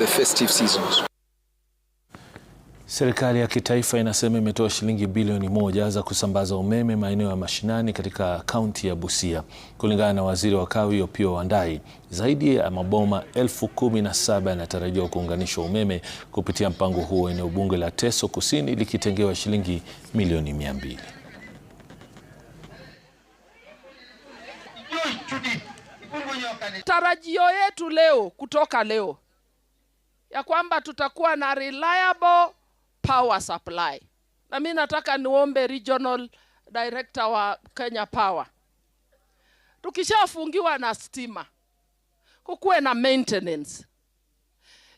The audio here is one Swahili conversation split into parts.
the festive seasons. Serikali ya kitaifa inasema imetoa shilingi bilioni moja za kusambaza umeme maeneo ya mashinani katika kaunti ya Busia. Kulingana na waziri wa kawi Opiyo Wandayi, zaidi ya maboma elfu kumi na saba yanatarajiwa kuunganishwa umeme kupitia mpango huo, eneo bunge la Teso Kusini likitengewa shilingi milioni mia mbili. Tarajio yetu leo kutoka leo ya kwamba tutakuwa na reliable power supply na mi nataka niombe regional director wa Kenya Power, tukishafungiwa na stima, kukuwe na maintenance,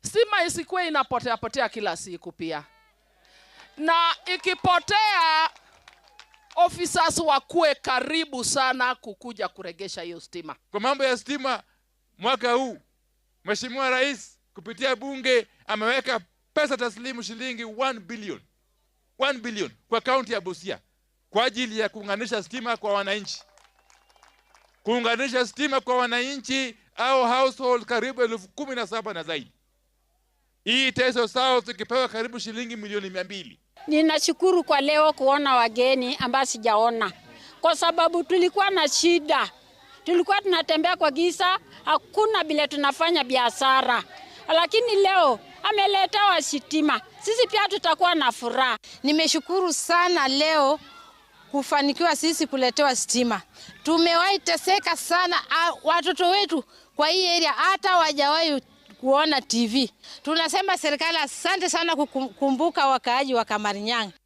stima isikuwe inapotea potea kila siku. Pia na ikipotea, officers wakuwe karibu sana kukuja kuregesha hiyo stima. Kwa mambo ya stima, mwaka huu Mheshimiwa Rais kupitia bunge ameweka pesa taslimu shilingi 1 billion 1 billion kwa kaunti ya Busia kwa ajili ya kuunganisha stima kwa wananchi, kuunganisha stima kwa wananchi au household karibu elfu kumi na saba na zaidi. Hii Teso South ikipewa karibu shilingi milioni mia mbili. Ninashukuru kwa leo kuona wageni ambao sijaona, kwa sababu tulikuwa na shida, tulikuwa tunatembea kwa giza, hakuna bila tunafanya biashara lakini leo ameletewa sitima sisi pia tutakuwa na furaha. Nimeshukuru sana leo kufanikiwa sisi kuletewa stima. Tumewahi teseka sana, watoto wetu kwa hii area hata wajawahi kuona TV. Tunasema serikali asante sana kukumbuka wakaaji wa Kamarinyanga.